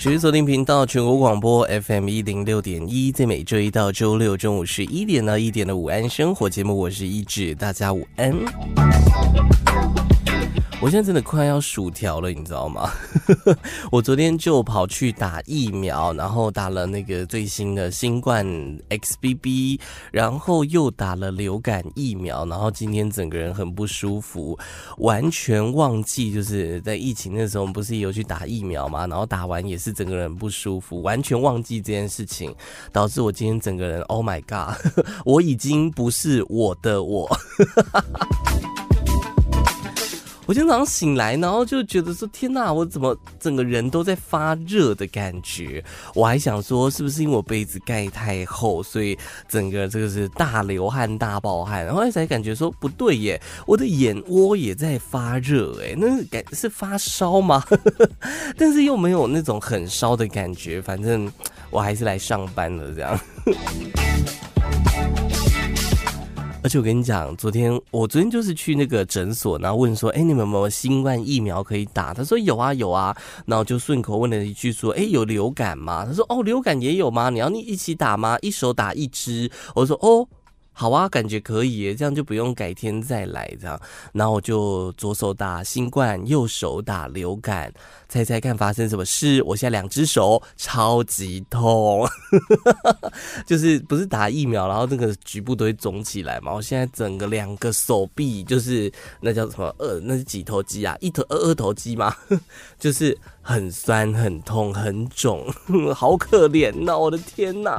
持續鎖定頻道，全國廣播 FM 一零六點一，在每週一到週六中午十一點到一點的午安生活節目，我是一誌，大家午安。我現在真的快要薯條了，你知道嗎？ 我昨天就跑去打疫苗，然後打了那個最新的新冠 XBB，然後又打了流感疫苗，然後今天整個人很不舒服，完全忘記就是在疫情的時候，我們不是有去打疫苗嗎？然後打完也是整個人不舒服，完全忘記這件事情，導致我今天整個人 Oh my god， 我已經不是我的我。 我今天早上醒來，然後就覺得說：“天吶、啊，我怎麼整個人都在發熱的感覺？”我還想說，是不是因為我被子蓋太厚，所以整個這個是大流汗、大爆汗。然後才感覺說不對耶，我的眼窩也在發熱，哎，那是感是發燒嗎？ 但是又沒有那種很燒的感覺，反正我還是來上班了這樣。 而且我跟你講，昨天我昨天就是去那個診所，然後問說：“欸，你們有沒有新冠疫苗可以打？”他說：“有啊，有啊。”然後就順口問了一句說：“欸，有流感嗎？”他說：“哦，流感也有嗎？你要你一起打嗎？一手打一支。”我說：“哦。”好啊，感覺可以耶，這樣就不用改天再來這樣。然後我就左手打新冠，右手打流感，猜猜看發生什麼事？我現在兩只手超級痛， 就是不是打疫苗，然後那個局部都會腫起來嘛。我現在整個兩個手臂就是那叫什麼呃，那是幾頭肌啊，一頭二二頭肌嘛， 就是很酸、很痛、很腫， 好可憐吶！我的天吶！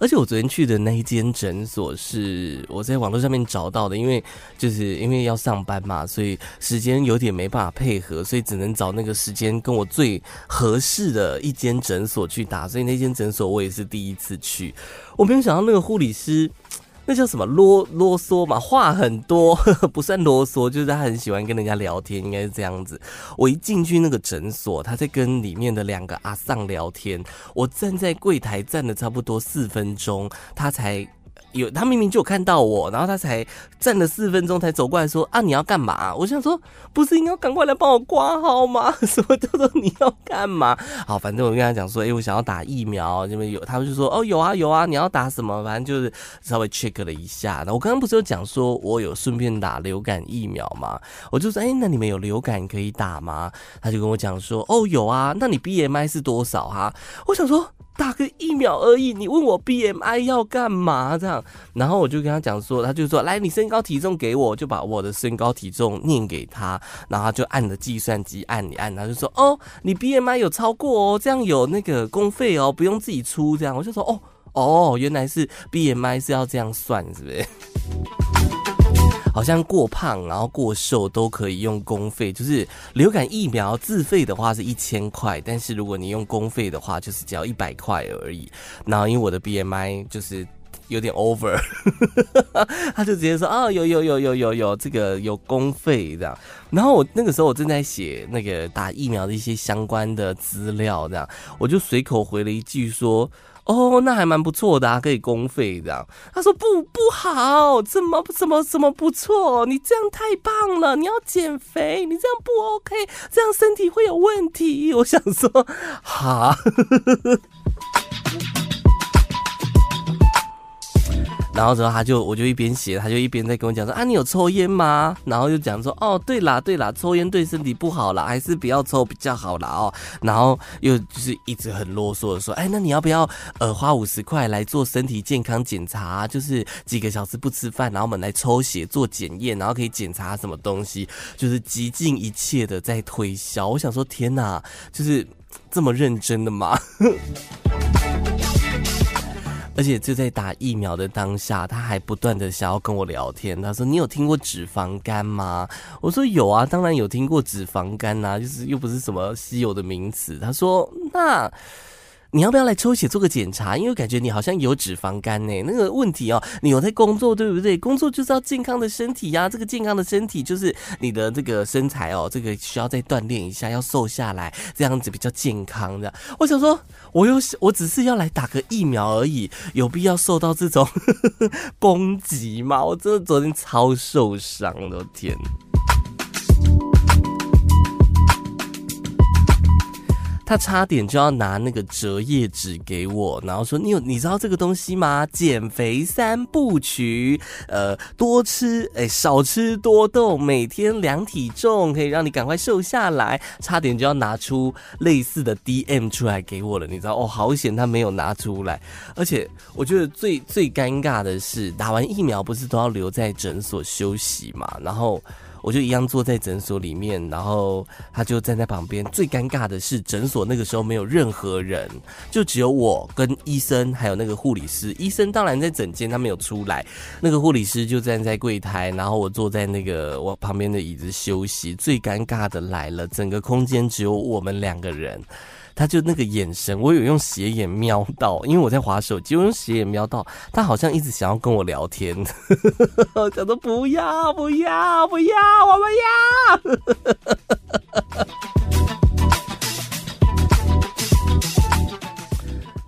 而且我昨天去的那一間診所是我在網絡上面找到的，因為就是因為要上班嘛，所以時間有點沒辦法配合，所以只能找那個時間跟我最合適的一間診所去打。所以那間診所我也是第一次去，我沒有想到那個護理師。那叫什麼囉囉嗦嘛，話很多呵呵，不算囉嗦，就是他很喜歡跟人家聊天，應該是這樣子。我一進去那個診所，他在跟裡面的兩個阿桑聊天，我站在櫃檯站了差不多四分鐘，他才。有他明明就有看到我，然後他才站了四分鐘才走過來說啊，你要幹嘛？我想說，不是應該趕快來幫我掛號嗎？什麼叫做你要幹嘛？好，反正我跟他講說，誒，我想要打疫苗，因為有他們就說，哦，有啊有啊，你要打什麼？反正就是稍微 check 了一下。然後我剛剛不是有講說我有順便打流感疫苗嗎？我就說，誒，那你們有流感可以打嗎？他就跟我講說，哦，有啊，那你 BMI 是多少哈啊？我想說。大概一秒而已，你問我 BMI 要幹嘛？這樣，然後我就跟他講說，他就說，來，你身高體重給我，就把我的身高體重念給他，然後他就按着計算機按一按，他就說，哦，你 BMI 有超過哦，這樣有那個公費哦，不用自己出，這樣我就說，哦哦，原來是 BMI 是要這樣算，是不是？好像過胖，然後過瘦都可以用公費。就是流感疫苗自費的話是一千塊，但是如果你用公費的話，就是只要一百塊而已。然後因為我的 BMI 就是有點 over， 他就直接說啊、哦，有有有有有有這個有公費這樣。然後我那個時候我正在寫那個打疫苗的一些相關的資料這樣，我就隨口回了一句說。哦，那還蠻不錯的啊，可以公費這樣。他說不不好，怎麼怎麼怎麼不錯？你這樣太棒了，你要減肥，你這樣不 OK，這樣身體會有問題。我想說，好。 然後之後他就，我就一邊寫，他就一邊在跟我講說，啊，你有抽煙嗎？然後又講說哦，對啦對啦，抽煙對身體不好啦，還是不要抽比較好啦哦。然後又就是一直很囉嗦的說，哎，那你要不要呃花五十塊來做身體健康檢查啊？就是幾個小時不吃飯，然後我們來抽血做檢驗，然後可以檢查什麼東西？就是極盡一切的在推銷。我想說，天哪，就是這麼認真的嗎？ 而且就在打疫苗的當下，他還不斷地想要跟我聊天。他說：“你有聽過脂肪肝嗎？”我說：“有啊，當然有聽過脂肪肝啊，就是又不是什麼稀有的名詞。”他說：“那。”你要不要來抽血做個檢查？因為感覺你好像有脂肪肝呢？欸，那個問題哦、喔。你有在工作，對不對？工作就是要健康的身體呀、啊。這個健康的身體就是你的這個身材哦、喔，這個需要再鍛鍊一下，要瘦下來，這樣子比較健康的。我想說，我又我只是要來打個疫苗而已，有必要受到這種 攻擊嗎？我真的昨天超受傷，我的天！他差點就要拿那個摺頁紙給我，然後說：“你有你知道這個東西嗎？減肥三部曲，呃，多吃，誒，少吃多動，每天量體重，可以讓你趕快瘦下來。”差點就要拿出類似的 DM 出來給我了，你知道哦，好險他沒有拿出來。而且我覺得最最尷尬的是，打完疫苗不是都要留在診所休息嘛，然後，我就一樣坐在診所裡面，然後他就站在旁邊。最尷尬的是，診所那個時候沒有任何人，就只有我跟醫生還有那個護理師。醫生當然在診間，他沒有出來。那個護理師就站在櫃檯，然後我坐在那個我旁邊的椅子休息。最尷尬的來了，整個空間只有我們兩個人。他就那個眼神，我有用斜眼瞄到，因為我在滑手機，我用斜眼瞄到，他好像一直想要跟我聊天，講 說不要不要不要，我們要。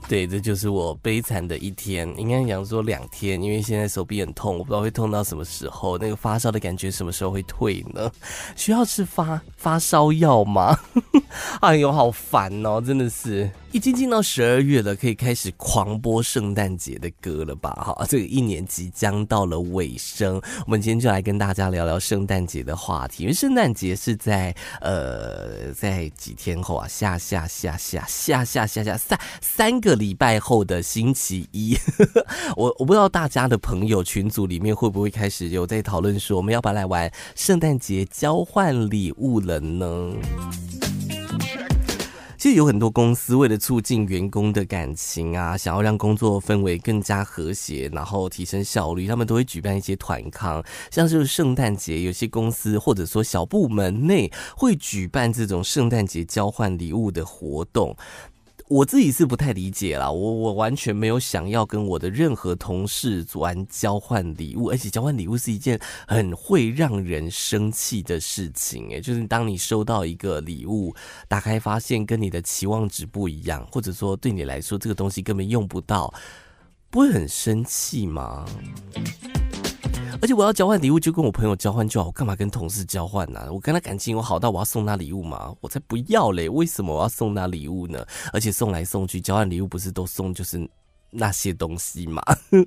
對，這就是我悲慘的一天，應該講說兩天，因為現在手臂很痛，我不知道會痛到什麼時候，那個發燒的感覺什麼時候會退呢？需要吃發發燒藥嗎？ 哎呦，好煩哦！真的是已經進到十二月了，可以開始狂播聖誕節的歌了吧？哈，這個一年即將到了尾聲，我們今天就來跟大家聊聊聖誕節的話題。因為聖誕節是在呃，在幾天後啊，下下下下下下下下三三個禮拜後的星期一，我我不知道大家的朋友群組裡面會不會開始有在討論說，我們要不要來玩聖誕節交換禮物了呢？其實有很多公司為了促進員工的感情啊，想要讓工作氛圍更加和諧，然後提升效率，他們都會舉辦一些團康，像是聖誕節，有些公司或者說小部門內會舉辦這種聖誕節交換禮物的活動。我自己是不太理解啦，我我完全沒有想要跟我的任何同事做完交換禮物，而且交換禮物是一件很會讓人生氣的事情，誒，就是當你收到一個禮物，打開發現跟你的期望值不一樣，或者說對你來說這個東西根本用不到，不會很生氣嗎？而且我要交換禮物，就跟我朋友交換就好，我幹嘛跟同事交換呢？啊，我跟他感情有好到我要送他禮物嗎？我才不要嘞！為什麼我要送他禮物呢？而且送來送去交換禮物，不是都送就是那些東西嗎？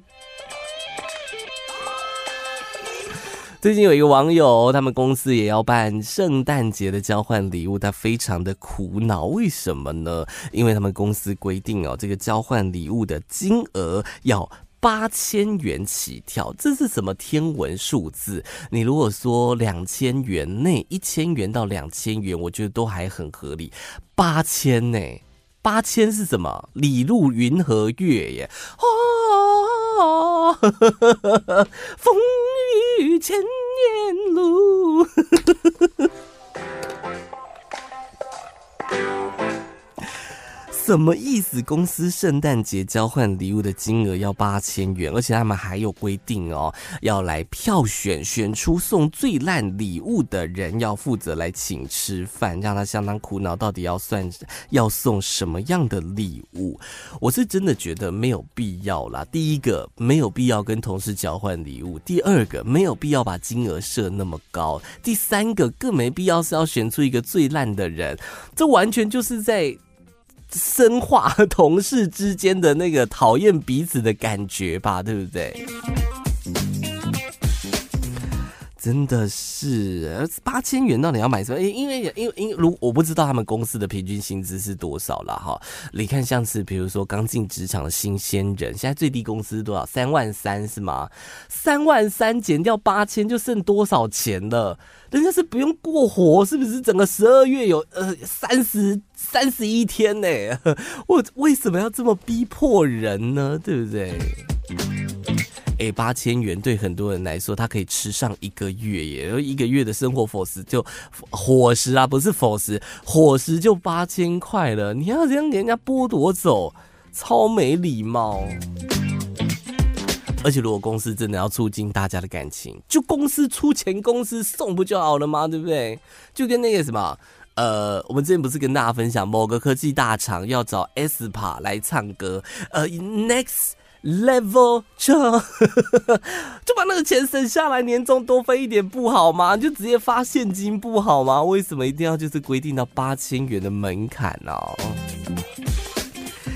最近有一個網友，他們公司也要辦聖誕節的交換禮物，他非常的苦惱，為什麼呢？因為他們公司規定哦，這個交換禮物的金額要。八千元起跳，這是什麼天文數字？你如果說兩千元內，一千元到兩千元，我覺得都還很合理。八千呢？八千是什麼？里路雲和月耶？哦哦哦哦呵呵呵，風雨千年路。呵呵呵什麼意思？公司聖誕節交換禮物的金額要八千元，而且他們還有規定哦，要來票選，選出送最爛禮物的人要負責來請吃飯，讓他相當苦惱。到底要算要送什麼樣的禮物？我是真的覺得沒有必要啦。第一個沒有必要跟同事交換禮物，第二個沒有必要把金額設那麼高，第三個更沒必要是要選出一個最爛的人，這完全就是在。深化和同事之間的那個討厭彼此的感覺吧，對不對？真的是，八千元到底要買什麼？欸、因為因為因為如我不知道他們公司的平均薪資是多少了哈。你看，像是比如說剛進職場的新鮮人，現在最低工資多少？三萬三是嗎？三萬三減掉八千就剩多少錢了？人家是不用過活，是不是？整個十二月有呃三十三十一天呢、欸？我為什麼要這麼逼迫人呢？對不對？哎、欸，八千元對很多人來說，他可以吃上一個月耶，而一個月的生活伙食就伙食啊，不是伙食，伙食就八千塊了。你要這樣給人家剝奪走，超沒禮貌、哦。而且如果公司真的要促進大家的感情，就公司出錢，公司送不就好了嗎？對不對？就跟那個什麼，呃，我們之前不是跟大家分享某個科技大廠要找 Spar 來唱歌，呃，Next。level 就 就把那個錢省下來，年終多分一點不好嗎？你就直接發現金不好嗎？為什麼一定要就是規定到八千元的門檻呢、哦？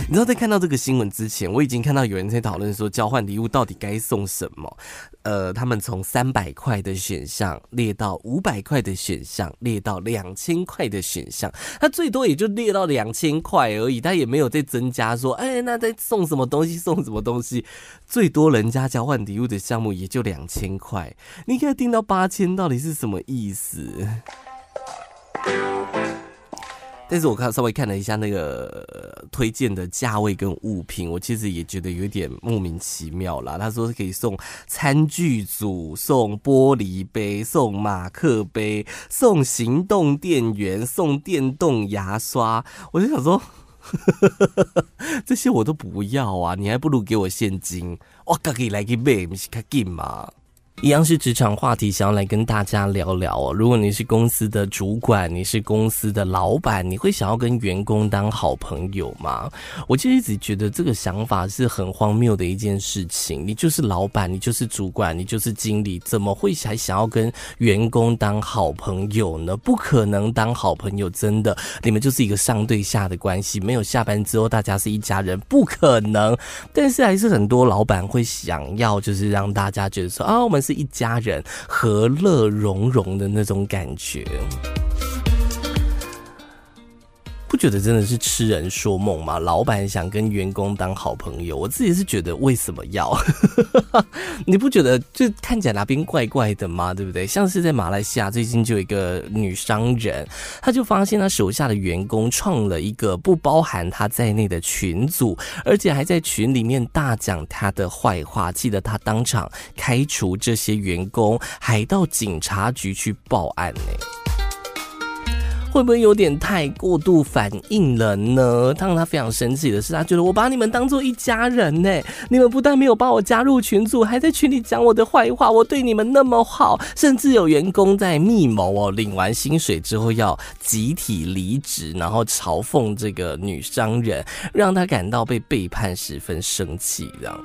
你知道，在看到這個新聞之前，我已經看到有人在討論說，交換禮物到底該送什麼？呃，他們從三百塊的選項列到五百塊的選項，列到兩千塊的選項，他最多也就列到兩千塊而已，他也沒有再增加說，哎、欸，那再送什麼東西，送什麼東西，最多人家交換禮物的項目也就兩千塊，你可以定到八千，到底是什麼意思？但是我看稍微看了一下那個推薦的價位跟物品，我其實也覺得有點莫名其妙啦。他說是可以送餐具組、送玻璃杯、送馬克杯、送行動電源、送電動牙刷，我就想說，呵呵呵，這些我都不要啊，你還不如給我現金哇！我自己來去買，不是比較快嘛？一樣是職場話題，想要來跟大家聊聊哦。如果你是公司的主管，你是公司的老闆，你會想要跟員工當好朋友嗎？我就一直覺得這個想法是很荒謬的一件事情。你就是老闆，你就是主管，你就是經理，怎麼會還想要跟員工當好朋友呢？不可能當好朋友，真的，你們就是一個上對下的關係，沒有下班之後大家是一家人，不可能。但是還是很多老闆會想要，就是讓大家覺得說啊，我們是一家人和樂融融的那種感覺。覺得真的是痴人說夢嗎？老闆想跟員工當好朋友，我自己是覺得為什麼要？ 你不覺得就看起來那邊怪怪的嗎？對不對？像是在馬來西亞，最近就有一個女商人，她就發現她手下的員工創了一個不包含她在內的群組，而且還在群裡面大講她的壞話。記得她當場開除這些員工，還到警察局去報案呢、欸。會不會有點太過度反應了呢？他讓他非常生氣的是，他覺得，我把你們當做一家人呢、欸，你們不但沒有把我加入群組，還在群裡講我的壞話。我對你們那麼好，甚至有員工在密謀哦，領完薪水之後要集體離職，然後嘲諷這個女商人，讓他感到被背叛，十分生氣。這樣，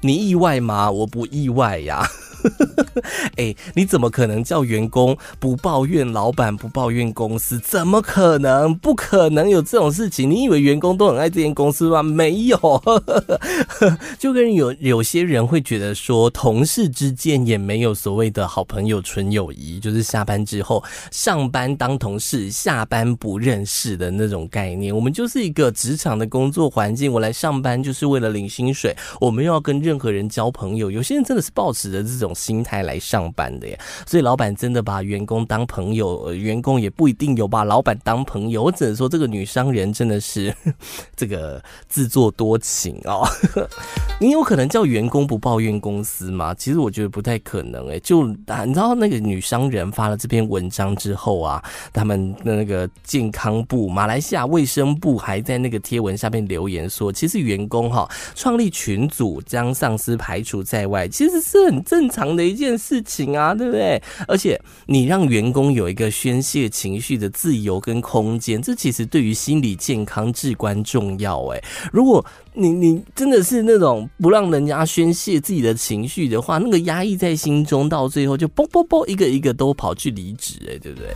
你意外嗎？我不意外呀。哎、 欸，你怎麼可能叫員工不抱怨老闆不抱怨公司？怎麼可能？不可能有這種事情。你以為員工都很愛這間公司嗎？沒有， 就跟有有些人會覺得說，同事之間也沒有所謂的好朋友、純友誼，就是下班之後上班當同事，下班不認識的那種概念。我們就是一個職場的工作環境，我來上班就是為了領薪水，我們又要跟任何人交朋友。有些人真的是抱持着這種。心態來上班的耶，所以老闆真的把員工當朋友，呃，員工也不一定有把老闆當朋友。我只能說，這個女商人真的是這個自作多情哦。你有可能叫員工不抱怨公司嗎？其實我覺得不太可能哎。就、啊、你知道，那個女商人發了這篇文章之後啊，他們那個健康部、馬來西亞衛生部還在那個貼文下面留言說，其實員工哈、哦、創立群組將上司排除在外，其實是很正常的。的一件事情啊，對不對？而且你讓員工有一個宣洩情緒的自由跟空間，這其實對於心理健康至關重要。哎，如果你你真的是那種不讓人家宣洩自己的情緒的話，那個壓抑在心中，到最後就啵啵啵，一個一個都跑去離職，哎，對不對？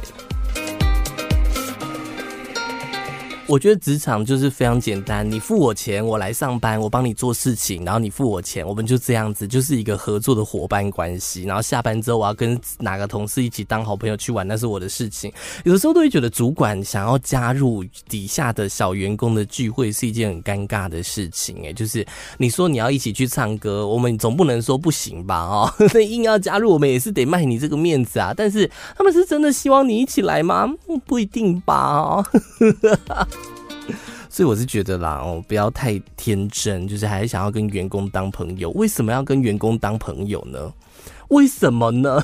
我覺得職場就是非常簡單，你付我錢，我來上班，我幫你做事情，然後你付我錢，我們就這樣子，就是一個合作的夥伴關係。然後下班之後我要跟哪個同事一起當好朋友去玩，那是我的事情。有的時候都會覺得主管想要加入底下的小員工的聚會是一件很尷尬的事情，哎，就是你說你要一起去唱歌，我們總不能說不行吧？哦，那 硬要加入，我們也是得賣你這個面子啊。但是他們是真的希望你一起來嗎？不一定吧？哦。 所以我是覺得啦，哦，不要太天真，就是還是想要跟員工當朋友。為什麼要跟員工當朋友呢？為什麼呢？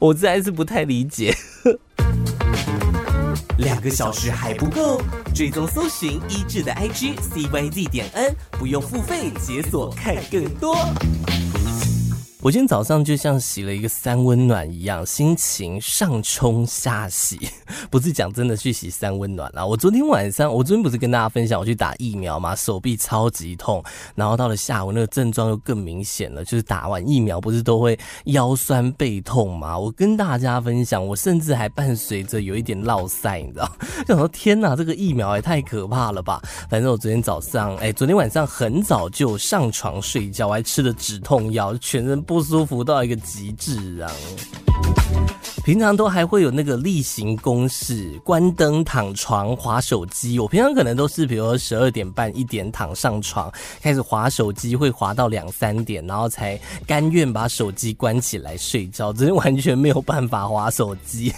我實在是不太理解。兩個小時還不夠，追蹤搜尋一誌的 I G C Y Z 點 N，不用付費解鎖看更多。我今天早上就像洗了一個三溫暖一樣，心情上衝下洗。 不是講真的去洗三溫暖啦，我昨天晚上，我昨天不是跟大家分享我去打疫苗嘛，手臂超級痛，然後到了下午那個症狀又更明顯了，就是打完疫苗不是都會腰痠背痛嘛？我跟大家分享，我甚至還伴隨着有一點落晒，你知道？就想說天哪，這個疫苗也太可怕了吧！反正我昨天早上，哎、欸，昨天晚上很早就上床睡覺，我還吃了止痛藥，全身不。不舒服到一個極致啊！平常都還會有那個例行公事，關燈躺床滑手機。我平常可能都是，比如十二點半一點躺上床，開始滑手機，會滑到兩三點，然後才甘願把手機關起來睡覺。真是完全沒有辦法滑手機，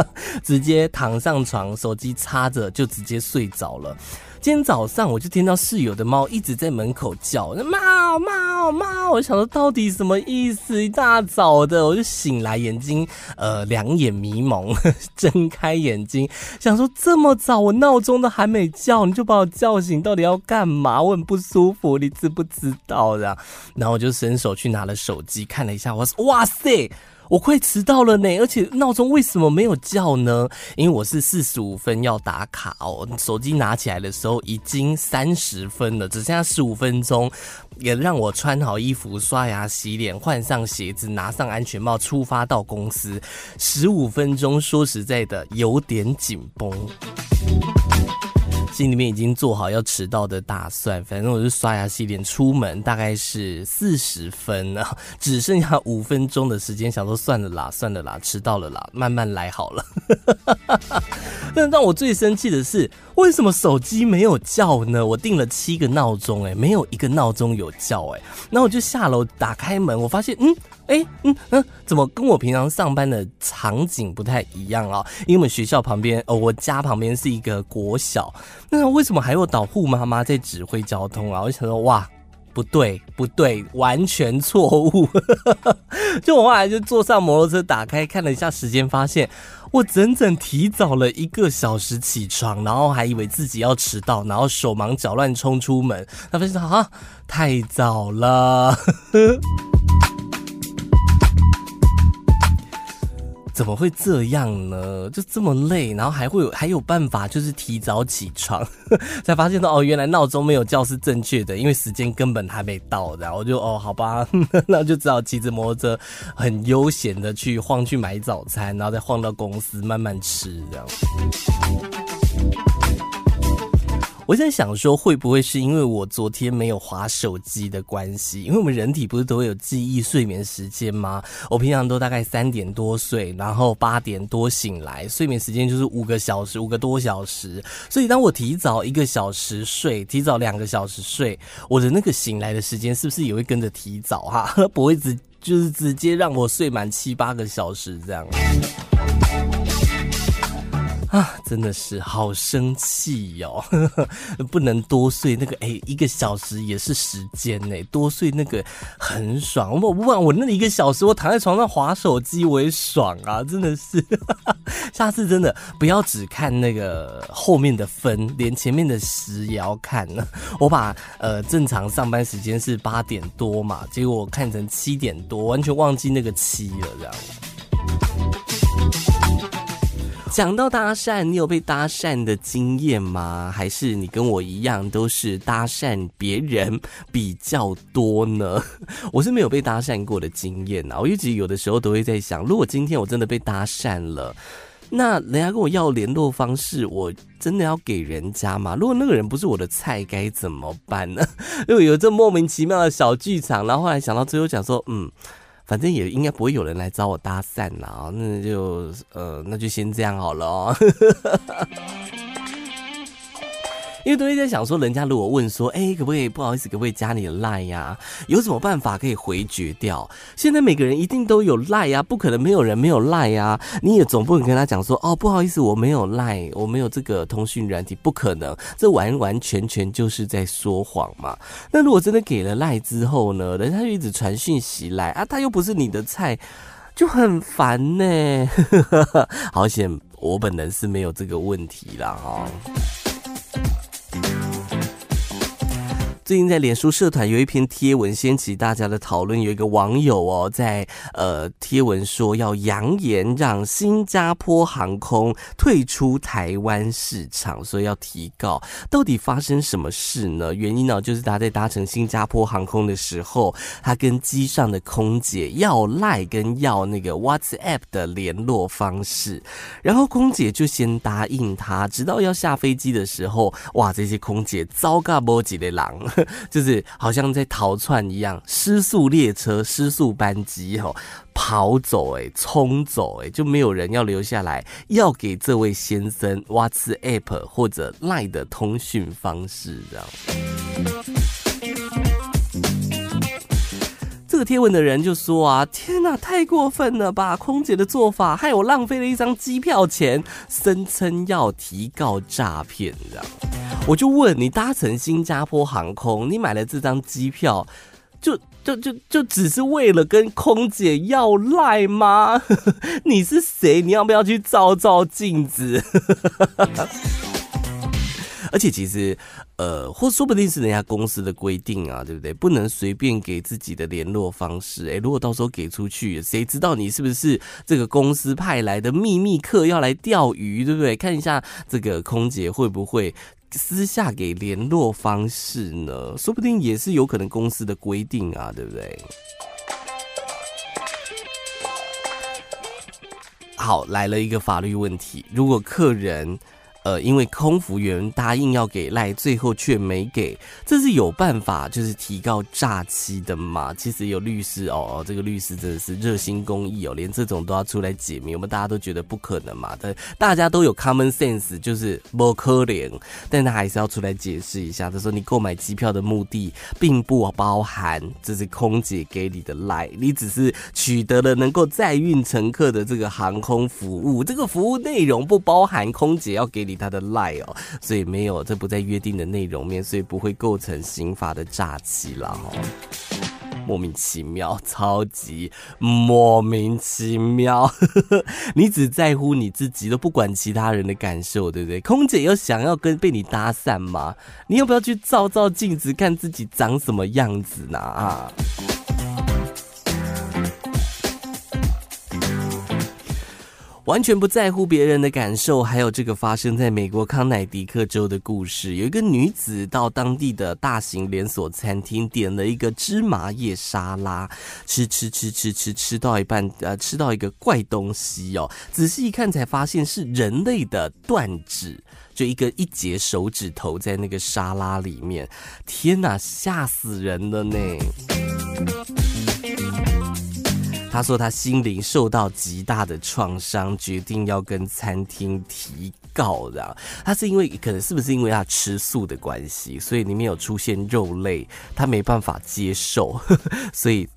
直接躺上床，手機插着就直接睡着了。今天早上我就聽到室友的貓一直在門口叫，那貓貓貓，我想說到底什麼意思？一大早的我就醒來，眼睛呃兩眼迷蒙，睜開眼睛想說這麼早，我鬧鐘都還沒叫你就把我叫醒，到底要幹嘛？我很不舒服，你知不知道啊？然後我就伸手去拿了手機看了一下，我說哇塞！我快遲到了呢、欸，而且鬧鐘為什麼沒有叫呢？因為我是四十五分要打卡哦。手機拿起來的時候已經三十分了，只剩下十五分鐘，也讓我穿好衣服、刷牙、洗臉、換上鞋子、拿上安全帽，出發到公司。十五分鐘，說實在的，有點緊繃。心裡面已經做好要遲到的打算，反正我就刷牙洗臉出門，大概是四十分了，只剩下五分鐘的時間，想說算了啦，算了啦，遲到了啦，慢慢來好了。但 讓我最生氣的是，為什麼手機沒有叫呢？我定了七個鬧鐘，哎，沒有一個鬧鐘有叫哎、欸。然後我就下樓打開門，我發現，嗯。哎、欸，嗯嗯，怎麼跟我平常上班的場景不太一樣啊？因為我們學校旁邊，哦、呃，我家旁邊是一個國小，那為什麼還有導護媽媽在指揮交通啊？我就想說，哇，不對不對，完全錯誤！ 就我後來就坐上摩托車，打開看了一下時間，發現我整整提早了一個小時起床，然後還以為自己要遲到，然後手忙腳亂衝出門，他分析說，哈、啊，太早了。 怎麼會這樣呢？就這麼累，然後還會有還有辦法，就是提早起床，才發現到哦，原來鬧鐘沒有叫是正確的，因為時間根本還沒到，然後就哦好吧，那就只好騎着摩托車，很悠閒的去晃去買早餐，然後再晃到公司慢慢吃這樣。我現在想說，會不會是因為我昨天沒有滑手機的關係？因為我們人體不是都會有記憶睡眠時間嗎？我平常都大概三點多睡，然後八點多醒來，睡眠時間就是五個小時，五個多小時。所以當我提早一個小時睡，提早兩個小時睡，我的那個醒來的時間是不是也會跟着提早、啊？哈，不會直就是直接讓我睡滿七八個小時這樣。啊，真的是好生氣喲、哦！不能多睡那個，哎、欸，一個小時也是時間呢、欸，多睡那個很爽。我不管，我那個一個小時，我躺在床上滑手機，我也爽啊！真的是，呵呵，下次真的不要只看那個後面的分，連前面的時也要看呢。我把呃正常上班時間是八點多嘛，結果我看成七點多，完全忘記那個七了，這樣。講到搭訕，你有被搭訕的經驗嗎？還是你跟我一樣都是搭訕別人比較多呢？我是沒有被搭訕過的經驗啊！我一直有的時候都會在想，如果今天我真的被搭訕了，那人家跟我要聯絡方式，我真的要給人家嗎？如果那個人不是我的菜，該怎麼辦呢？如果有這莫名其妙的小劇場，然後後來想到最後講說，嗯。反正也應該不會有人來找我搭訕啦，那就呃，那就先這樣好了喔。 因為都會在想說，人家如果問說，哎、欸，可不可以？不好意思，可不可以加你的賴呀、啊？有什麼辦法可以回絕掉？現在每個人一定都有賴啊，不可能沒有人沒有賴啊。你也總不能跟他講說，哦，不好意思，我沒有賴，我沒有這個通訊軟體，不可能。這完完全全就是在說謊嘛。那如果真的給了賴之後呢？人家就一直傳訊息賴啊，他又不是你的菜，就很煩呢。 好險，我本人是沒有這個問題啦。哦。最近在臉書社團有一篇貼文掀起大家的討論，有一個網友哦，在，呃，貼文說要揚言讓新加坡航空退出台灣市場，所以要提告。到底發生什麼事呢？原因呢，哦，就是他在搭乘新加坡航空的時候，他跟機上的空姐要賴跟要那個 WhatsApp 的聯絡方式，然後空姐就先答應他，直到要下飛機的時候，哇，這些空姐糟糕不幾的狼。 就是好像在逃竄一樣，失速列車、失速班機，吼，跑走哎、欸，衝走哎、欸，就沒有人要留下來，要給這位先生 WhatsApp 或者 Line 的通訊方式，這樣。 這個貼文的人就說啊，天哪、啊，太過分了吧！空姐的做法害我浪費了一張機票錢，聲稱要提告詐騙，這樣。我就問你，搭乘新加坡航空，你買了這張機票，就就就就只是為了跟空姐要賴嗎？ 你是誰？你要不要去照照鏡子？ 而且其實。呃，或說不定是人家公司的規定啊，對不對？不能隨便給自己的聯絡方式。哎，如果到時候給出去，誰知道你是不是這個公司派來的秘密客要來釣魚，對不對？看一下這個空姐會不會私下給聯絡方式呢？說不定也是有可能公司的規定啊，對不對？好，來了一個法律問題，如果客人。呃，因為空服員答應要給賴，最後卻沒給，這是有辦法，就是提告詐欺的嘛？其實有律師哦，哦，這個律師真的是熱心公益哦，連這種都要出來解密，我們大家都覺得不可能嘛，但大家都有 common sense，就是不可能，但他還是要出來解釋一下。他、就是、說，你購買機票的目的，並不包含這是空姐給你的賴，你只是取得了能夠載運乘客的這個航空服務，這個服務內容不包含空姐要給你。他的 LINE 哦，所以沒有，這不在約定的內容面，所以不會構成刑法的詐欺了哈。莫名其妙，超級莫名其妙， 你只在乎你自己，都不管其他人的感受，對不對？空姐又想要跟被你搭訕嗎？你要不要去照照鏡子，看自己長什麼樣子呢？啊！完全不在乎別人的感受，還有這個發生在美國康乃狄克州的故事。有一個女子到當地的大型連鎖餐廳點了一個芝麻葉沙拉，吃吃吃吃吃吃到一半，呃，吃到一個怪東西哦。仔細一看才發現是人類的斷指，就一個一截手指頭在那個沙拉裡面。天哪，嚇死人了呢！他說他心靈，受到極大的創傷，決定要跟餐廳提告的。他是因為，可能是不是因為他吃素的關係，所以裡面有出現肉類，他沒辦法接受， 所以。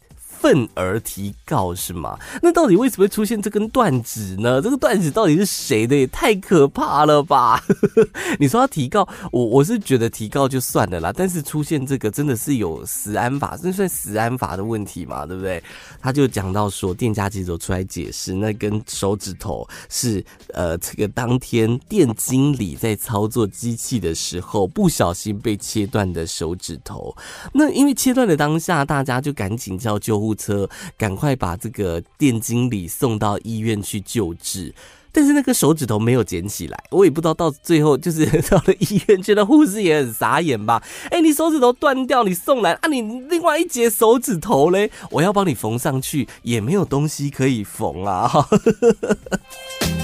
憤而提告是嗎？那到底為什麼會出現這根斷指呢？這個斷指到底是誰的？也太可怕了吧！ 你說要提告，我我是覺得提告就算了啦。但是出現這個真的是有食安法，這算食安法的問題嘛？對不對？他就講到說，店家記者出來解釋，那根手指頭是呃，這個當天店經理在操作機器的時候不小心被切斷的手指頭。那因為切斷的當下，大家就趕緊叫救護。車，趕快把這個店經理送到醫院去救治。但是那個手指頭沒有撿起來，我也不知道到最後就是到了醫院，覺得護士也很傻眼吧？哎，你手指頭斷掉，你送來啊？你另外一截手指頭嘞，我要幫你縫上去，也沒有東西可以縫啊！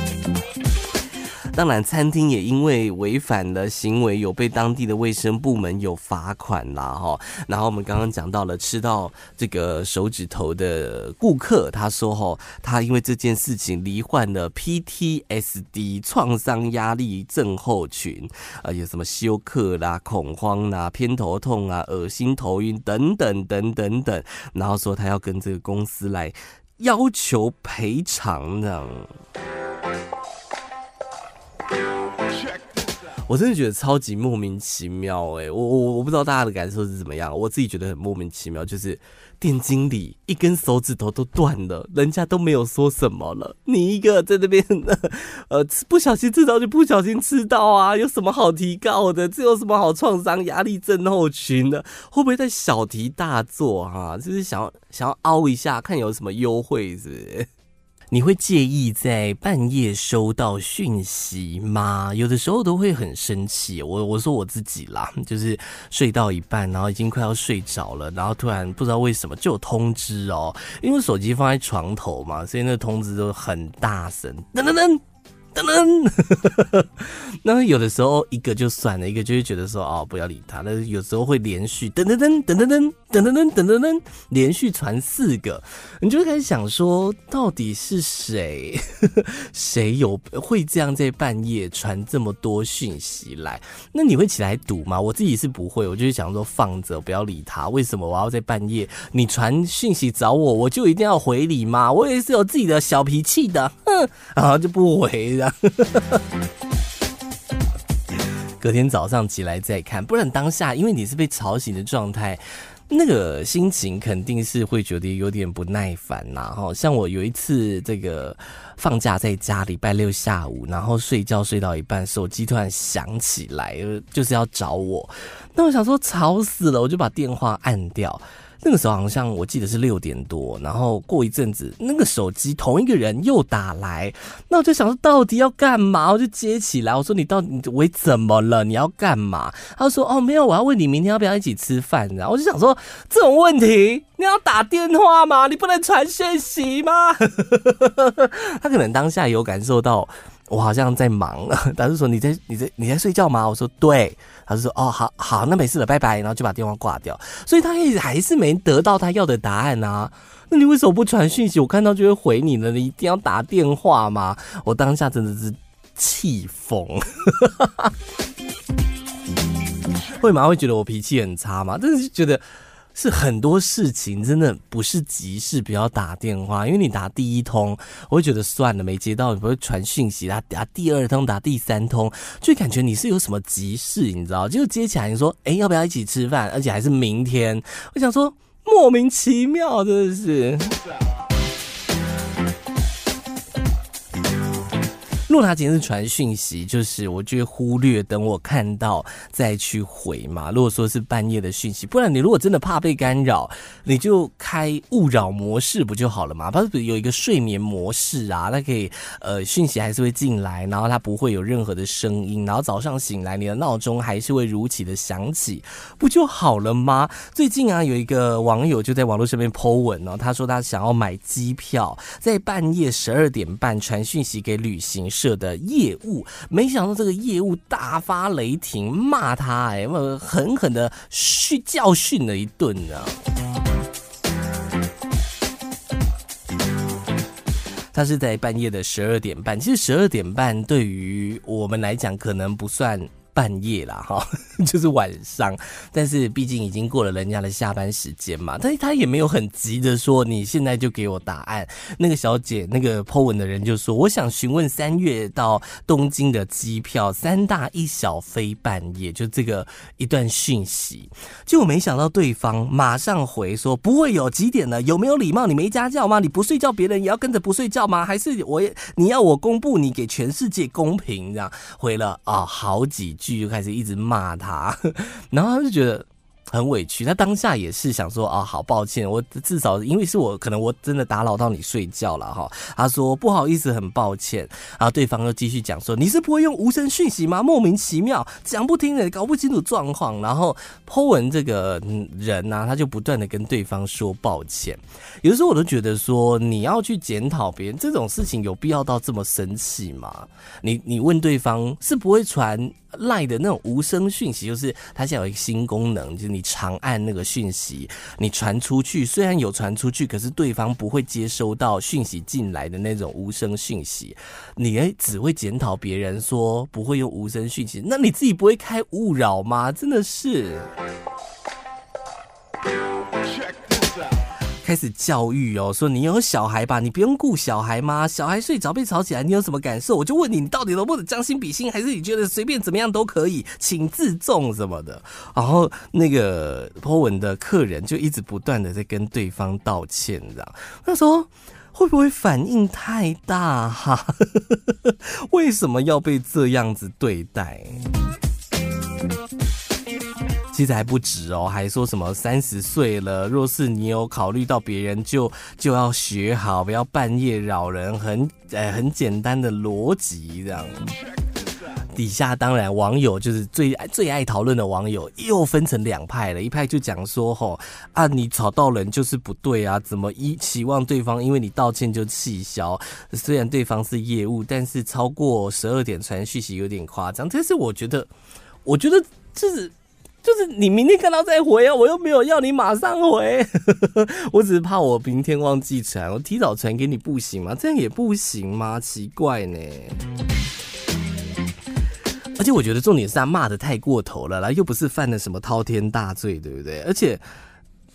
當然，餐廳也因為違反了行為有被當地的衛生部門有罰款啦，哈。然後我們剛剛講到了吃到這個手指頭的顧客，他說，哈，他因為這件事情罹患了 PTSD 創傷壓力症候群，呃，有什麼休克啦、恐慌啦、偏頭痛啊、噁心、頭暈等等等等等。然後說他要跟這個公司來要求賠償呢。我真的覺得超級莫名其妙哎、欸，我我我不知道大家的感受是怎麼樣，我自己覺得很莫名其妙。就是店經理一根手指頭都斷了，人家都沒有說什麼了，你一個在那邊，呃，吃不小心吃到就不小心吃到啊，有什麼好提告的？這有什麼好創傷壓力症候群的、啊？會不會在小題大做哈、啊？就是想要想要凹一下，看有什麼優惠是，是？你會介意在半夜收到訊息嗎？有的時候都會很生氣。我我說我自己啦，就是睡到一半，然後已經快要睡着了，然後突然不知道為什麼就有通知哦。因為手機放在床頭嘛，所以那個通知都很大聲，噔噔噔。噔噔， 那有的時候，哦，一個就算了，一個就會覺得說哦，不要理他。但是有時候會連續噔噔噔噔噔噔噔噔噔噔噔，噔連續傳四個，你就會開始想說，到底是誰，誰 有會這樣在半夜傳這麼多訊息來？那你會起來讀嗎？我自己是不會，我就是想說放着不要理他。為什麼我要在半夜你傳訊息找我，我就一定要回禮嗎？我也是有自己的小脾氣的，哼，然後就不回了。 隔天早上起來再看，不然當下因為你是被吵醒的狀態，那個心情肯定是會覺得有點不耐煩吶。哈，像我有一次這個放假在家，禮拜六下午，然後睡覺睡到一半，手機突然響起來，就是要找我。那我想說吵死了，我就把電話按掉。那個時候好像我記得是六點多，然後過一陣子，那個手機同一個人又打來，那我就想說到底要幹嘛？我就接起來，我說你到底怎麼了？你要幹嘛？他說哦沒有，我要問你明天要不要一起吃飯。然後我就想說這種問題你要打電話嗎？你不能傳訊息嗎？ 他可能當下有感受到。我好像在忙，他就說，你在你在你在睡覺嗎？我說對，他就說，哦好好，那沒事了拜拜，然後就把電話掛掉。所以他還是沒得到他要的答案啊？那你為什麼不傳訊息？我看到就會回你呢，你一定要打電話嗎？我當下真的是氣瘋， 為什麼會覺得我脾氣很差嗎？真的是覺得。是很多事情真的不是急事，不要打電話，因為你打第一通，我會覺得算了，沒接到，你不會傳訊息，他打第二通，打第三通，就感覺你是有什麼急事，你知道？就接起來，你說，哎、欸，要不要一起吃飯？而且還是明天，我想說，莫名其妙，真的是。若他今天是傳訊息，就是我就會忽略，等我看到再去回嘛。如果說是半夜的訊息，不然你如果真的怕被干擾，你就開勿擾模式不就好了嗎？他是有一個睡眠模式啊，它可以呃訊息還是會進來，然後它不會有任何的聲音，然後早上醒來你的鬧鐘還是會如期的響起，不就好了嗎？最近啊，有一個網友就在網絡上面 po 文哦，他說他想要買機票，在半夜十二點半傳訊息給旅行。社的業務，沒想到這個業務大發雷霆，罵他哎、欸，狠狠的訓教訓了一頓啊。他是在半夜的十二點半，其實十二點半對於我們來講，可能不算半夜啦，哈，就是晚上，但是畢竟已經過了人家的下班時間嘛，但是他也沒有很急的說你現在就給我答案。那個小姐，那個 Po 文的人就說，我想詢問三月到東京的機票，三大一小飛半夜，就這個一段訊息。就我沒想到對方馬上回說不會有幾點了，有沒有禮貌？你沒家教嗎？你不睡覺，別人也要跟着不睡覺嗎？還是我你要我公布你給全世界公平這樣？回了啊、哦、好幾句。就開始一直罵他，然後他就覺得，很委屈，他當下也是想說啊，好抱歉，我至少因為是我，可能我真的打擾到你睡覺了哈。他說不好意思，很抱歉。然後對方又繼續講說，你是不會用無聲訊息嗎？莫名其妙，講不聽的，搞不清楚狀況。然後 Po 文這個人呢、啊，他就不斷的跟對方說抱歉。有時候我都覺得說，你要去檢討別人這種事情，有必要到這麼生氣嗎？你你問對方是不會傳賴的那種無聲訊息，就是他現在有一個新功能，就是、你。你長按那個訊息，你傳出去，雖然有傳出去，可是對方不會接收到訊息進來的那種無聲訊息。你哎、欸，只會檢討別人說不會用無聲訊息，那你自己不會開勿擾嗎？真的是。開始教育哦，說你有小孩吧，你不用顧小孩嗎？小孩睡着被吵起來，你有什麼感受？我就問你，你到底能不能將心比心，還是你覺得隨便怎麼樣都可以？請自重什麼的。然後那個波文的客人就一直不斷的在跟對方道歉，這樣。他說會不會反應太大哈？啊？ 為什麼要被這樣子對待？其實還不止哦，還說什麼三十歲了，若是你有考慮到別人就，就就要學好，不要半夜擾人，很呃很簡單的邏輯這樣。底下當然網友就是最最愛討論的網友又分成兩派了，一派就講說吼，啊你吵到人就是不對啊，怎麼一期望對方因為你道歉就氣消？雖然對方是業務，但是超過十二點傳訊息有點誇張。但是我覺得，我覺得這、就是。就是你明天看到再回啊，我又沒有要你馬上回， 我只是怕我明天忘記傳，我提早傳給你不行嗎？這樣也不行嗎？奇怪呢。而且我覺得重點是他罵得太過頭了啦，然後又不是犯了什麼滔天大罪，對不對？而且。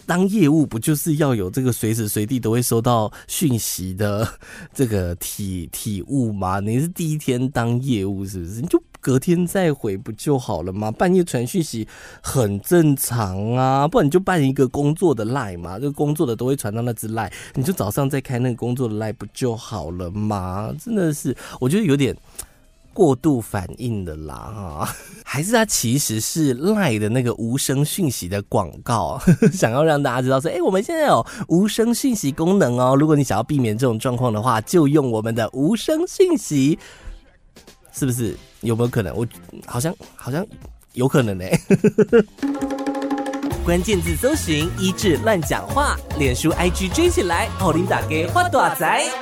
當業務不就是要有這個隨時隨地都會收到訊息的這個體體悟嗎？你是第一天當業務是不是？你就隔天再回不就好了嗎？半夜傳訊息很正常啊，不然你就辦一個工作的 Line 嘛，這個工作的都會傳到那只 Line，你就早上再開那個工作的 Line 不就好了嗎？真的是，我覺得有點。過度反應的啦，哈，還是他其實是賴的那個無聲訊息的廣告呵呵，想要讓大家知道說，哎、欸，我們現在有無聲訊息功能哦，如果你想要避免這種狀況的話，就用我們的無聲訊息，是不是有沒有可能？我好像好像有可能呢，欸。關鍵字搜尋1誌亂講話，臉書 IG 追起來，予恁大家發大財。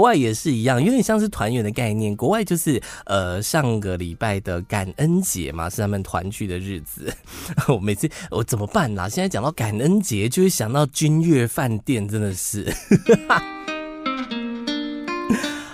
國外也是一樣，有點像是團圓的概念。國外就是呃，上個禮拜的感恩節嘛，是他們團聚的日子。 我每次我怎麼辦啦？現在講到感恩節，就會想到君悅飯店，真的是。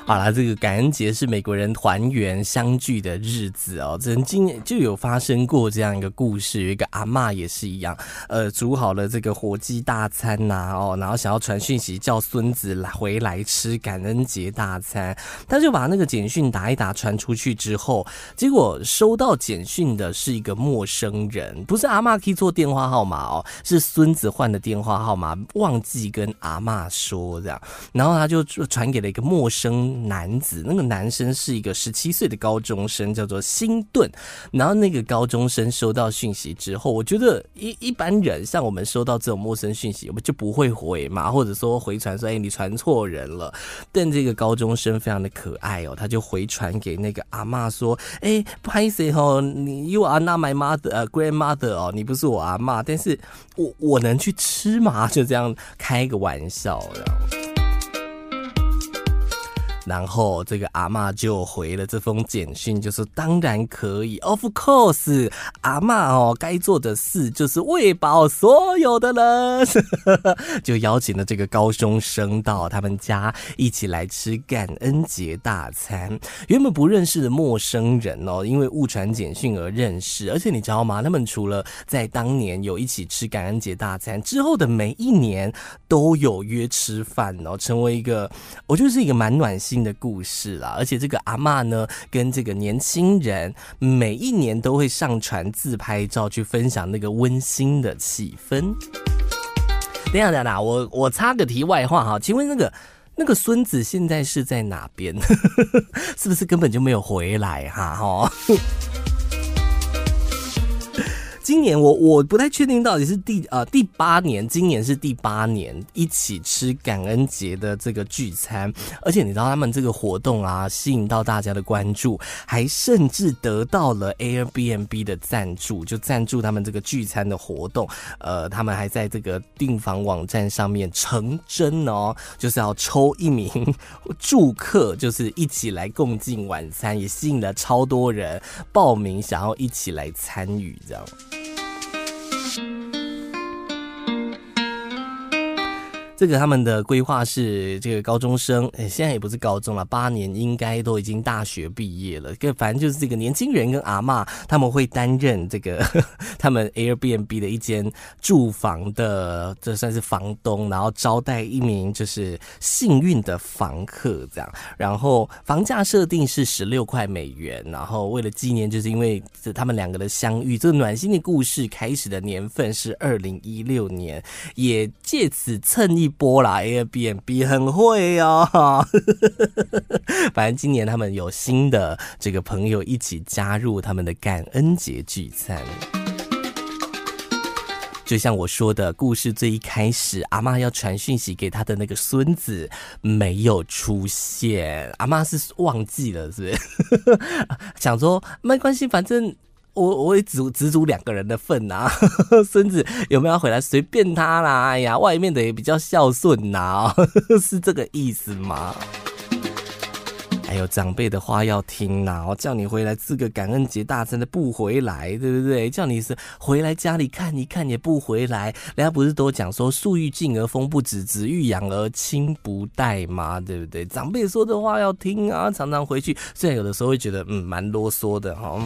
好了，這個感恩節是美國人團圓相聚的日子哦。曾經就有發生過這樣一個故事，有一個阿媽也是一樣，呃，煮好了這個火雞大餐吶、啊，哦，然後想要傳訊息叫孫子來回來吃感恩節大餐，他就把那個簡訊打一打傳出去之後，結果收到簡訊的是一個陌生人，不是阿媽以做電話號碼哦，是孫子換的電話號碼忘記跟阿媽說這樣，然後他就傳給了一個陌生。男子，那個男生是一個十七歲的高中生，叫做辛頓。然後那個高中生收到訊息之後，我覺得一一般人像我們收到這種陌生訊息，我們就不會回嘛，或者說回傳說，哎、欸，你傳錯人了。但這個高中生非常的可愛哦、喔，他就回傳給那個阿嬤說，哎、欸，不好意思哦、喔，你 you are not my mother,、uh, grandmother 哦、喔，你不是我阿嬤，但是我我能去吃嗎？就這樣開一個玩笑了，然後。然後這個阿嬤就回了這封簡訊，就說，就是當然可以，of course，阿嬤哦，該做的事就是餵飽所有的人， 就邀請了這個高中生到他們家一起來吃感恩節大餐。原本不認識的陌生人哦，因為誤傳簡訊而認識，而且你知道嗎？他們除了在當年有一起吃感恩節大餐，之後的每一年都有約吃飯哦，成為一個，我覺得是一個蠻暖心。的故事啦，而且這個阿嬤呢，跟這個年輕人每一年都會上傳自拍照，去分享那個溫馨的氣氛。等下等下，我我插個題外話哈，請問那個那個孫子現在是在哪邊？ 是不是根本就沒有回來哈？哈。 今年我我不太確定到底是第呃第八年，今年是第八年一起吃感恩節的這個聚餐，而且你知道他們這個活動啊，吸引到大家的關注，還甚至得到了 Airbnb 的贊助，就贊助他們這個聚餐的活動。呃，他們還在這個訂房網站上面成真哦，就是要抽一名住客，就是一起來共進晚餐，也吸引了超多人報名想要一起來參與這樣。這個他們的規劃是，這個高中生哎，現在也不是高中了，八年應該都已經大學畢業了。跟反正就是這個年輕人跟阿嬤他們會擔任這個呵呵他們 Airbnb 的一間住房的，這算是房東，然後招待一名就是幸運的房客這樣。然後房價設定是十六塊美元。然後為了紀念，就是因為這他們兩個的相遇，這個暖心的故事開始的年份是二零一六年，也借此襯意波啦，Airbnb 很會哦， 反正今年他們有新的這個朋友一起加入他們的感恩節聚餐。就像我說的故事最一開始，阿媽要傳訊息給他的那個孫子沒有出現，阿媽是忘記了，是不是 想說沒關係，反正。我我也只只煮兩個人的份吶、啊，孫子有沒有回來隨便他啦。哎呀，外面的也比較孝順吶、啊，是這個意思嗎？還、哎、有長輩的話要聽吶、啊，我叫你回來這個感恩節大餐的不回來，對不對？叫你是回來家裡看一看也不回來，人家不是都講說樹欲靜而風不止，止，子欲養而親不待嘛，對不對？長輩說的話要聽啊，常常回去，雖然有的時候會覺得嗯蠻囉嗦的哈、哦。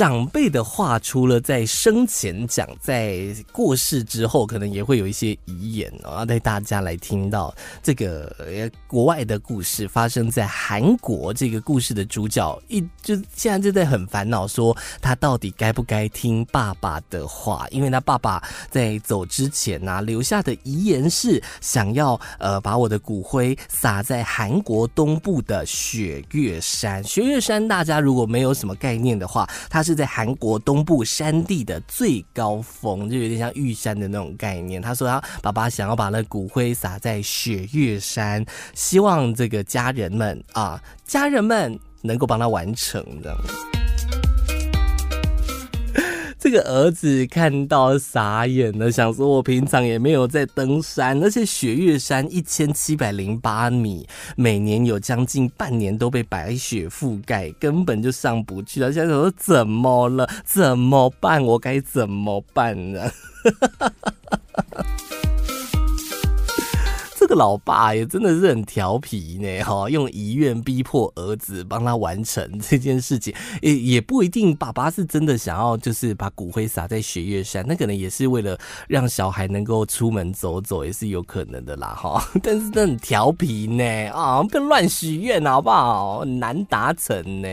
長輩的話，除了在生前講，在過世之後，可能也會有一些遺言啊、哦，帶大家來聽到這個、呃、國外的故事。發生在韓國，這個故事的主角一就現在就在很煩惱說，說他到底該不該聽爸爸的話？因為他爸爸在走之前呢、啊，留下的遺言是想要呃把我的骨灰撒在韓國東部的雪嶽山。雪嶽山，大家如果沒有什麼概念的話，它是。是在韓國東部山地的最高峰，就有點像玉山的那種概念。他說他爸爸想要把那骨灰撒在雪嶽山，希望這個家人們啊，家人們能夠幫他完成的。這樣。這個兒子看到傻眼了，想說：“我平常也沒有在登山，而且雪岳山一千七百零八米，每年有將近半年都被白雪覆蓋，根本就上不去了。”現在想說：“怎麼了？怎麼辦？我該怎麼辦呢？” 個老爸也真的是很調皮呢，哈、哦，用遺願逼迫兒子幫他完成這件事情，也也不一定。爸爸是真的想要，就是把骨灰撒在雪岳山，那可能也是為了讓小孩能夠出門走走，也是有可能的啦，哈、哦。但是真很調皮呢，啊、哦，不要亂許願，好不好？難達成呢。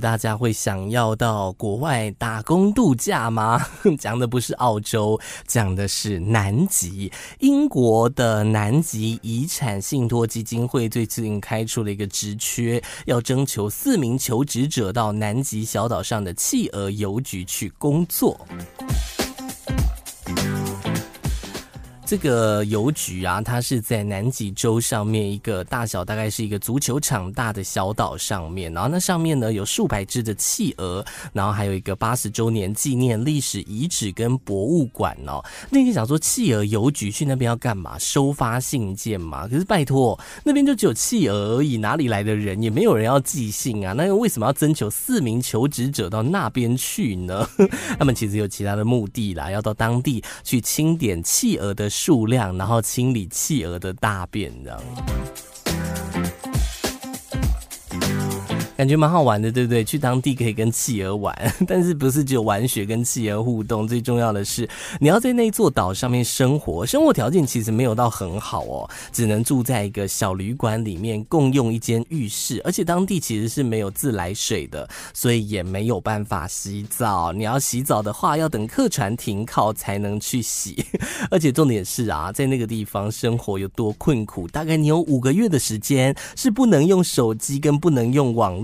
大家會想要到國外打工度假嗎？講的不是澳洲，講的是南極。英國的南極遺產信託基金會最近開出了一個職缺，要徵求四名求職者到南極小島上的企鵝郵局去工作。這個郵局啊，它是在南極洲上面一個大小大概是一個足球場大的小島上面，然後那上面呢，有數百隻的企鵝，然後還有一個八十週年紀念歷史遺址跟博物館哦。那天想說企鵝郵局去那邊要幹嘛？收發信件嘛。可是拜託，那邊就只有企鵝而已，哪裡來的人？也沒有人要寄信啊。那又為什麼要徵求四名求職者到那邊去呢？ 他們其實有其他的目的啦，要到當地去清點企鵝的數量，然後清理企鵝的大便，你知道嗎？感覺蠻好玩的，對不對？去當地可以跟企鵝玩，但是不是只有玩雪跟企鵝互動？最重要的是，你要在那座島上面生活，生活條件其實沒有到很好哦，只能住在一個小旅館裡面，共用一間浴室，而且當地其實是沒有自來水的，所以也沒有辦法洗澡。你要洗澡的話，要等客船停靠才能去洗。而且重點是啊，在那個地方生活有多困苦？大概你有五個月的時間是不能用手機，跟不能用網。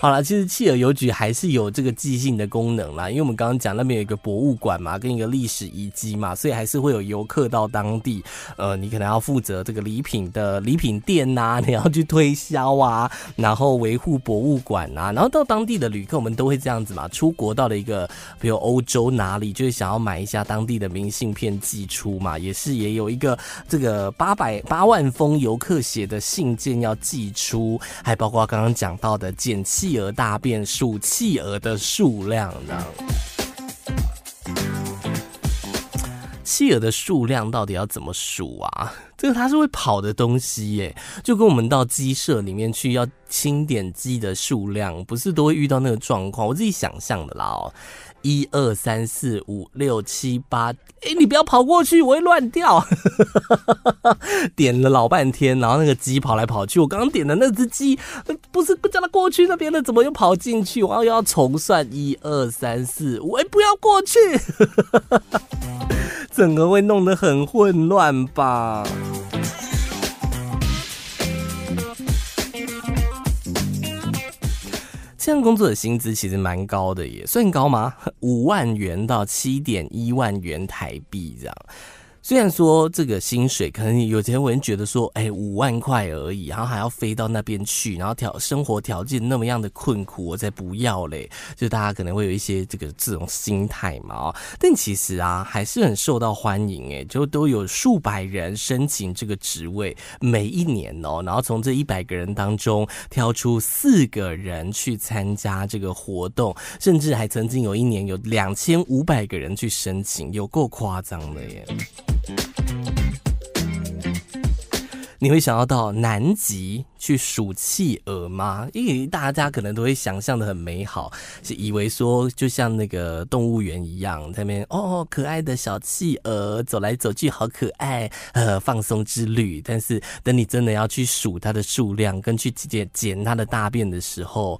好了，其實企鵝郵局還是有這個寄信的功能啦，因為我們剛剛講那邊有一個博物館嘛，跟一個歷史遺跡嘛，所以還是會有遊客到當地。呃，你可能要負責這個禮品的禮品店吶、啊，你要去推銷啊，然後維護博物館啊，然後到當地的旅客，我們都會這樣子嘛。出國到了一個，比如歐洲哪裡，就是想要買一下當地的明信片寄出嘛，也是也有一個這個八百八萬封遊客寫的信件要寄出，還包括剛剛講到的減氣。企鵝大便數，企鵝的數量呢，企鵝的數量到底要怎麼數啊？這個它是會跑的東西耶，就跟我們到雞舍裡面去要清點雞的數量，不是都會遇到那個狀況？我自己想象的啦、喔。一二三四五六七八，哎，你不要跑過去，我會亂掉。 點了老半天，然後那個雞跑來跑去，我剛剛點的那只雞，不是叫它過去那邊的，怎麼又跑進去？然後又要重算一二三四五，哎，不要過去， 整個會弄得很混亂吧。這樣工作的薪資其實蠻高的耶，也算高嗎？五萬元到七點一萬元台幣這樣。雖然說這個薪水可能有錢人覺得說，哎、欸，五萬塊而已，然後還要飛到那邊去，然後條生活條件那麼樣的困苦，我再不要嘞，就大家可能會有一些這個這種心態嘛。但其實啊，還是很受到歡迎哎、欸，就都有數百人申請這個職位，每一年哦、喔，然後從這一百個人當中挑出四個人去參加這個活動，甚至還曾經有一年有兩千五百個人去申請，有夠誇張的耶、欸。你會想要到南極去數企鵝嗎？因為大家可能都會想象的很美好，是以為說就像那個動物園一樣，他們哦，可愛的小企鵝走來走去，好可愛，呃，放鬆之旅。但是等你真的要去數它的數量，跟去撿它的大便的時候，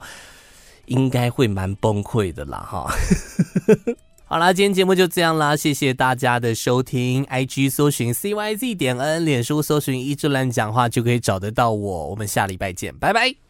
應該會蠻崩潰的啦，哈。好啦，今天節目就這樣啦，謝謝大家的收聽。IG 搜尋 CYZ 點 N，臉書搜尋1誌亂講話就可以找得到我。我們下禮拜見，拜拜。